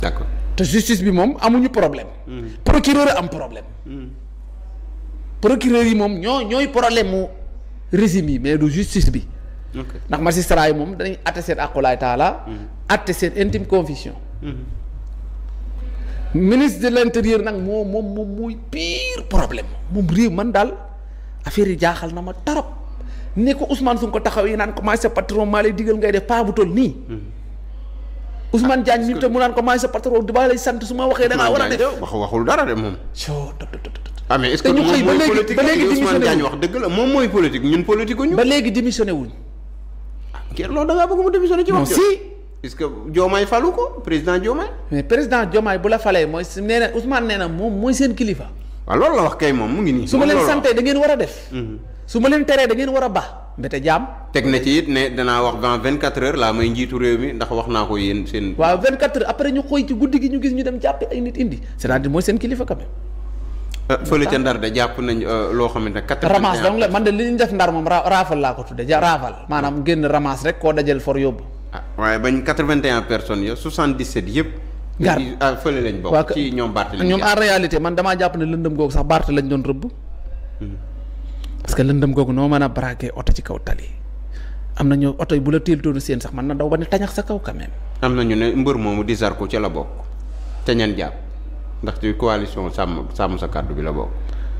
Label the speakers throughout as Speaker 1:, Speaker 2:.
Speaker 1: d'accord
Speaker 2: te justice bi moom amuñu problème. procureur am problème. procureur yi moom ñoo ñooy problème mu régime yi mais du justice bi. ndax magistrat yi moom dañuy àtte seen àqulaay taala. àtte seen intime conviction. ministre de l'intérieur nag moom moom moom mooy pire problème moom réew man daal affaire yi jaaxal na ma trop ne ko Ousmane Sonko taxawee naan ko maa sa patron maa lay digal ngay def pas bu toll nii. Hmm. Ousmane Diagne mi te mu naan ko maay sa patron du baa sant su ma waxee da war a def
Speaker 1: waxul dara de moom ah, la moom mooy politique ñun politique ñu ba léegi
Speaker 2: démissionné wuñ kër ah, loolu da ngaa bëgg mu démissionné ci wax si est-ce que Diomaye falu ko président Diomaye mais président Diomaye la falee mooy ah, moom mu ngi nii su ma leen santee da ngeen war a def mhm. su ma leen teree da war a baax mbete jaam.
Speaker 1: teg na ci it ne danaa wax dans vingt quatre heures laa may njiitu réew mi ndax wax naa ko yéen seen.
Speaker 2: waaw vingt quatre heures après ñu xooy ci guddi gi ñu gis ñu dem jàppi ay nit indi c'est-à-dire mooy seen kilifa quand même.
Speaker 1: Euh, fële ca ndar de jàpp nañ euh, loo xam ne quatre. ramas
Speaker 2: man de li ñu def ndar moom raafal laa ko tudde raafal. maanaam génn ramas rek koo dajal for yóbbu.
Speaker 1: ah waaye bañ quatre vingt et un personnes ya soixante dix sept yëpp. gar ah, fële lañ bokk ci ñoom Barth lañ.
Speaker 2: réalité man damaa jàpp ne lëndëm googu sax Barth lañ doon rëbb hmm. parce que lëndëm googu noo mën a braqué oto ci kaw tali am na ñu oto yi bu la teel seen sax mën na daw ba ne tañax sa kaw quand même.
Speaker 1: am na ñu ne mbër moomu di Zarko ci la bokk te ñan jàpp ndax ci coalition sàmm sàmm sa kàddu bi la bokk.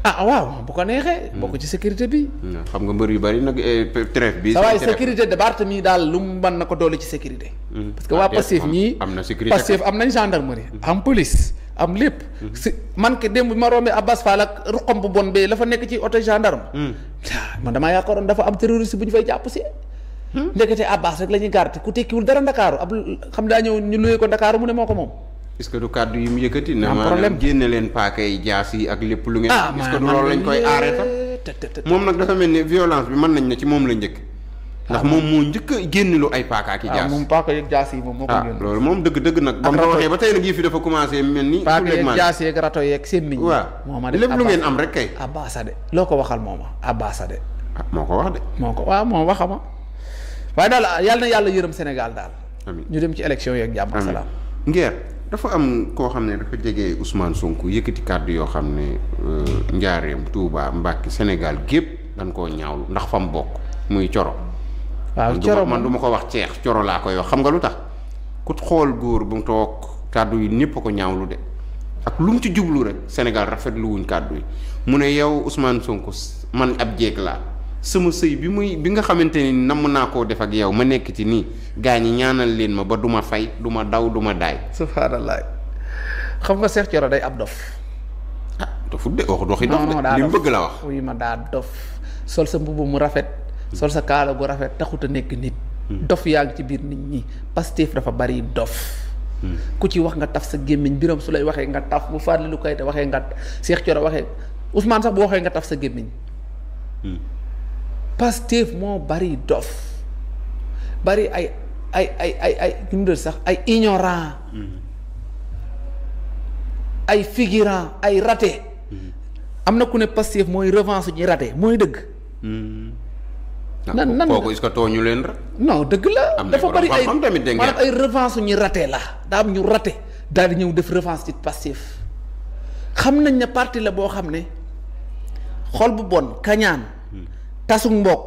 Speaker 2: ah waaw bu ko neexee. Hmm. bokk ci sécurité bi.
Speaker 1: Hmm. xam nga mbër yu bari nag eh, trêve bi. waaye sécurité
Speaker 2: de Barth mii daal lu man na ko doole ci sécurité.
Speaker 1: Hmm. parce que waa ah, Pastef ñii. am na sécurité Pastef am
Speaker 2: nañ gendarmerie am police. am lépp. Mhm. si man ke démb bi ma rombee Abbas Fall ak ruqam bu bon bee la fa nekk ci oto gendarme. Mhm. man damaa yaakaaroon dafa am terroriste bu ñu fay jàpp si. Hmm? ndekete Abbas rek la ñuy ku tekkiwul dara Ndakaaru ab xam daa ñëw ñu luyee ko Ndakaaru mu ne moo ko moom.
Speaker 1: est que du kàddu yi mu yëkkati. na maanaam génne leen paaka yi jaas yi ak lépp lu ngeen. ah du loolu lañ koy aaree tam moom nag dafa mel ni violence bi mën nañ ne ci moom la njëkk ndax moom moo njëkk a génn lu ay paaka i ah, jaas
Speaker 2: paaka yeeg jaas yi moom moo ko ah, génn
Speaker 1: loolu moom dëgg dëgg nag ba mu waxee ba tey nag yëf fi dafa commencé mel ni paaka yeeg jaas
Speaker 2: yeeg rato yeeg sémmiñ waaw mooma lépp lu ngeen am rek kay abasa loo ko waxal mooma abasa de
Speaker 1: ah, moo ko wax de
Speaker 2: moo ko waaw moom waxama waaye daal yàlla yàlla yërëm Sénégal daal ñu dem ci élection yeeg jàmm ak salaam
Speaker 1: ngeer dafa am koo xam ne dafa jege Ousmane Sonko yëkkati kàddu yoo xam ne euh, njaareem tuubaa Mbacke Sénégal gépp dañ koo ñaawlu ndax fa mu bokk muy coro waaw coro man du ma ko wax ceex coro laa koy wax xam nga lu tax ku xool góor bu mu toog kàddu yi ñëpp a ko ñaawlu de ak lu mu ci jublu rek Sénégal rafetlu wuñ kàddu yi mu ne yow usmaan Sonko man ab jéeg laa sama sëy bi muy bi nga xamante ni namm naa koo def ak yow ma nekk ci nii gaa ñi ñaanal leen ma ba du ma fay du ma daw du ma daay.
Speaker 2: subhanallah xam nga Cheikh Thioro day ab dof.
Speaker 1: ah dofu de wax doxi dof de li mu bëgg la wax.
Speaker 2: wuy ma daa dof sol sa mbubb mu rafet. sol sa kaala gu rafet taxut a nekk nit hmm. dof yaa ngi ci biir nit ñi Pastef dafa bari dof hmm. ku ci wax nga taf sa gémmiñ biram su lay waxee nga taf bu Fadilou Keita waxee nga Cheikh Thioro waxee Ousmane sax bu waxee nga taf sa gémmiñ hmm. Pastef moo bari dof bari ay ay ay ay ay dundal sax ay ignorant ay figurant ay raté am na ku ne Pastef mooy revanche ñi raté mooy dëgg
Speaker 1: nan nan kooku est-ce que leen rek.
Speaker 2: dëgg la. dafa bari ay maanaam ay revanche ñu raté la daa am ñu raté daal di ñëw def revanche ci passif xam nañ ne parti la boo xam ne xol bu bon kañaan tasug mbokk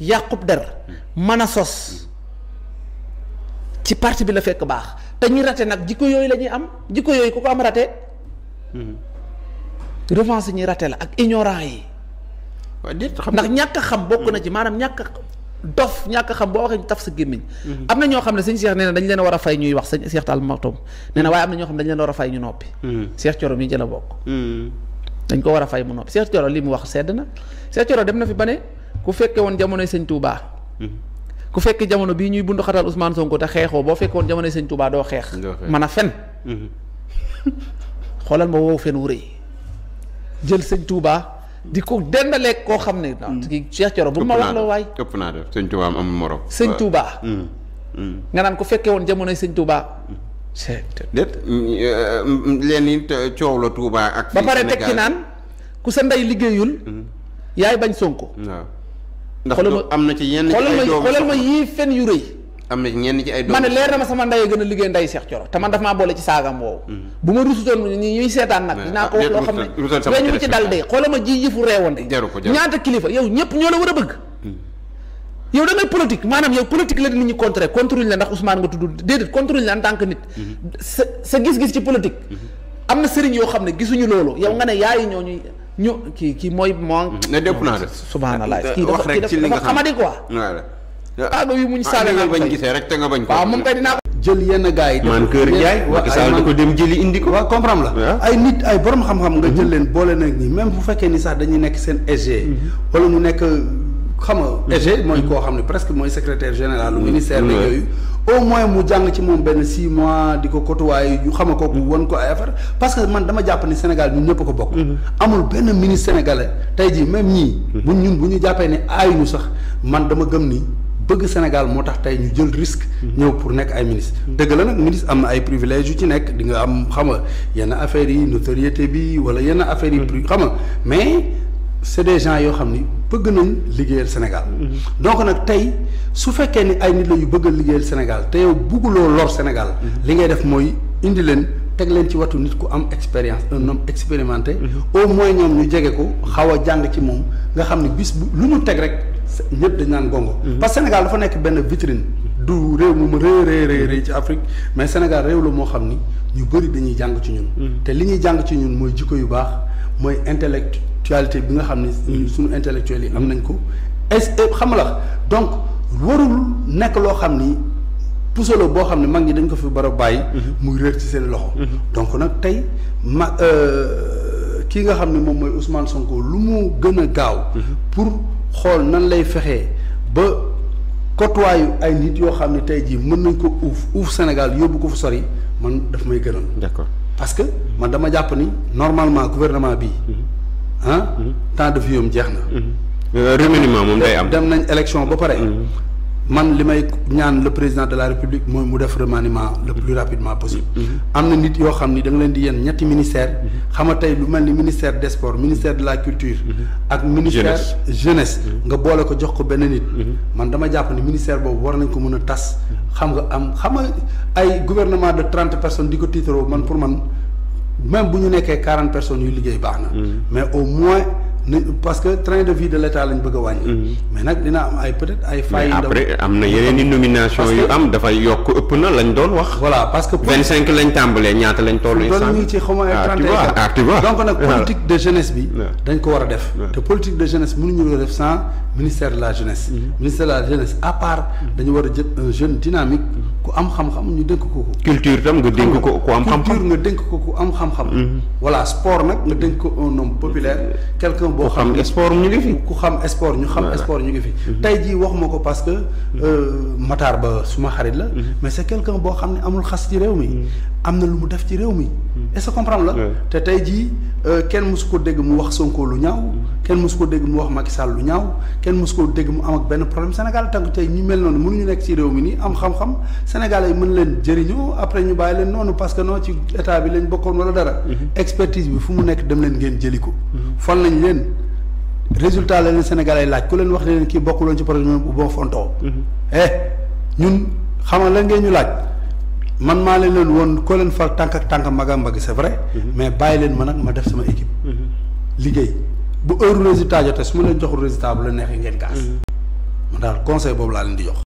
Speaker 2: yàqub der mën a sos ci parti bi la fekk baax te ñi raté nag jikko yooyu lañuy am jikko yooyu ku ko am raté hmm. revanche ñi raté la ak ignorant yi. ndax ñàkk a xam bokk na mm. ci maanaam ñàkk a dof ñàkk a xam boo waxee taf sa gémmiñ mm-hmm. am na ñoo xam ne sëñ Cheikh nee dañ leen war a fay ñuy wax sëñ Cheikh Tall Maktoum nee na mm. waaye am na ñoo xam ne dañ leen war a fay ñu noppi mm. Cheikh Thioro mii jëla bokk dañ ko war a fay mu noppi Cheikh Thioro li mu wax sedd na Cheikh Thioro dem na fi ba ne ku fekke woon jamonoy sëñ Touba mm-hmm. ku fekk jamono bii ñuy bundu xatal Ousmane Sonko te xeexoo boo fekkoon jamonoy sëñ Touba doo xeex man a fen mm-hmm. xoolal ma woow fen wu di ko dendaleeg koo xam ne. kii mm. Cheikh Thioro bu ma wax la waay.
Speaker 1: ëpp naa def sëñ Touba am morom. sëñ Touba. Mm. Mm.
Speaker 2: nga naan ko fekkee woon jamonoy sëñ Touba. c'est
Speaker 1: déet euh, leen ni coow la Touba ak. ba naan
Speaker 2: ku sa ndey liggéeyul. yaay bañ Sonko. ndax am na ci yenn. ay ma xoolal ma yii fen yu rëy. am na ñenn ci ay doom ma leer na ma sama ndey gën a liggéey nday Cheikh Thioro te man daf maa boole ci saagam woowu hmm. bu ma rusutoon ñi ñuy seetaan nag dinaa ah, ko wax loo xam ne weñ mu ci dal ñaata kilifa yow ñëpp ñoo la war a bëgg hmm. yow da ngay maanaam yow politique la nit ñi contre contre la ndax Ousmane nga tudd déedéet contre la hmm. am na sëriñ yoo xam ne gisuñu loolu yow nga ne yaayi ñooñu ñu kii kii mooy moo ne dépp naa de subhanallah kii dafa xamadi
Speaker 3: aago yu muñ ah, saale naa bañ gisee rek te nga bañ ko waaw moom kay dinaa ko jël yenn gars yi man kër Ndiaye Macky Sall da ko dem jëli indi ko waaw comprendre la ay nit ay borom xam-xam nga mhm. jël leen boole nag nii même bu fekkee ni sax dañuy nekk seen SG mhm. wala ñu nekk xam nga mhm. SG mooy koo xam ne presque mooy secretaire général lu ministère la yooyu au moins mu jàng ci moom benn six mois di ko kotuwaay yu xam ko won ko ay affaire parce que man dama jàpp ni Sénégal ñun ñëpp ko bokk amul benn ministre sénégalais tey jii même ñii bu ñun bu ñu jàppee ne aayuñu sax man dama gëm ni bëgg Sénégal moo tax tey ñu jël risque. Mhm. ñëw pour nekk ay ministre mhm. dëgg la nag ministre am na ay privilèges yu ci nekk di nga am xam nga yenn affaires yi notoriété bi wala yenn affaires yi. Mhm. xam nga mais c'est des gens yoo xam ni bëgg nañ liggéeyal Sénégal. donc nag tey su fekkee ni ay nit la yu bëgg a liggéeyal Sénégal te yow bëgguloo lor Sénégal. li ngay def mooy indi leen. teg leen ci watu nit ku am expérience un homme expérimenté. au moins ñoom ñu jege ko xaw a jàng ci moom nga xam ne bis bu lu ñu teg rek. ñëpp dañ naan gongo. Mhm. parce Sénégal dafa nekk benn vitrine. du réew mu rëy rëy rëy ci Afrique mais Sénégal réew la moo xam ni ñu bëri dañuy jàng ci ñun. Mhm. te li ñuy jàng ci ñun mooy jikko yu baax mooy intellectualité bi nga xam ni. Mhm. suñu intellectuels yi am nañ ko. est xam nga la donc warul nekk loo xam ni pusoloo boo xam ne mag ñi dañ ko fi bara bàyyi. muy réer ci seen loxo. donc nag tey ma euh, kii nga xam ne moom mooy Ousmane Sonko lu mu gën a gaaw. pour xool nan lay fexee ba kotuwaayu ay nit yoo xam ne tey jii mën nañ ko uuf uuf Sénégal yóbbu ko fu sori man daf may gënal. d'accord parce que man dama jàpp ni normalement gouvernement bi mhm. ah mhm. temps de vie am jeex na. Mhm. Euh, remaniement moom day am dem nañ élection ba pare. man li may ñaan le président de la république mooy mu def remaniement le plus rapidement possible. Mm-hmm. Mm-hmm. am na nit yoo xam ni da leen di yenn ñetti ministère mm-hmm. xam nga tey lu mel ni ministère des sports ministère de la culture. ak ministère jeunesse. nga boole ko jox ko benn nit. man dama jàpp ni ministère boobu war nañ ko mën a tas. xam nga am xam nga ay gouvernement de trente personnes di ko tiitaroo man pour man même bu ñu nekkee quarante personnes yu liggéey baax na. mais au moins. parce que train de vie de l'état lañ bëgg a wàññi. Mhm. mais nag dina am ay peut-être ay. failles après am na yeneen i nomination yu am
Speaker 1: dafay yokk ëpp na lañ doon wax. voilà parce
Speaker 3: que vingt cinq lañ tàmbalee ñaata lañ toll. instant bi ci xaw ma ay ah, trente et ah, donc nag ah. politique de jeunesse bi. dañ ko war a def. te politique de jeunesse mënuñu ko def sans ministère la jeunesse. Mhm. ministère la jeunesse à dañu war a jël un jeune dynamique. ku am xam-xam ñu dénk ko ko. culture tam nga dénk ko ku am xam-xam culture nga ko ku am xam-xam. Mhm. voilà sport nag nga dénk ko un homme boo xam sport ñu ngi fi ku xam sport ñu xam sport ñu ngi fi mhm. tey jii waxuma ko parce que mhm. euh, Matar Ba suma xarit la mhm. mais c'est quelqu'un boo xam ne amul xas ci réew mi am na lu mu def ci réew mi. Hmm. est-ce que la. te tey jii euh, kenn mësu ko dégg mu wax Sonko lu ñaaw. Hmm. kenn mësu ko dégg mu wax Macky Sall lu ñaaw kenn mësu ko dégg mu am ak benn problème Sénégal tànk tey ñu mel noonu ñu nekk ci réew mi nii am xam-xam Sénégalais yi mën leen jëriñoo après ñu bàyyi leen noonu parce que non ci état bi lañ bokkoon wala dara. Hmm. expertise bi fu mu nekk dem leen ngeen jëli ko. fal nañ leen résultat la leen Sénégalais laaj ku leen wax ne leen kii bokkuloon ci projet bu bon fontoo. eh ñun xamal lan ngeen ñu laaj. man maa leen leen woon koo leen far tànk ak tànk mbaga mbagg c'est vrai mhm. mais bàyyi leen ma nag ma def sama équipe mhm. liggéey bu heure résultat jotee su ma leen joxul résultat bu la neexee ngeen gaas mhm. man daal conseil boobu laa leen di jox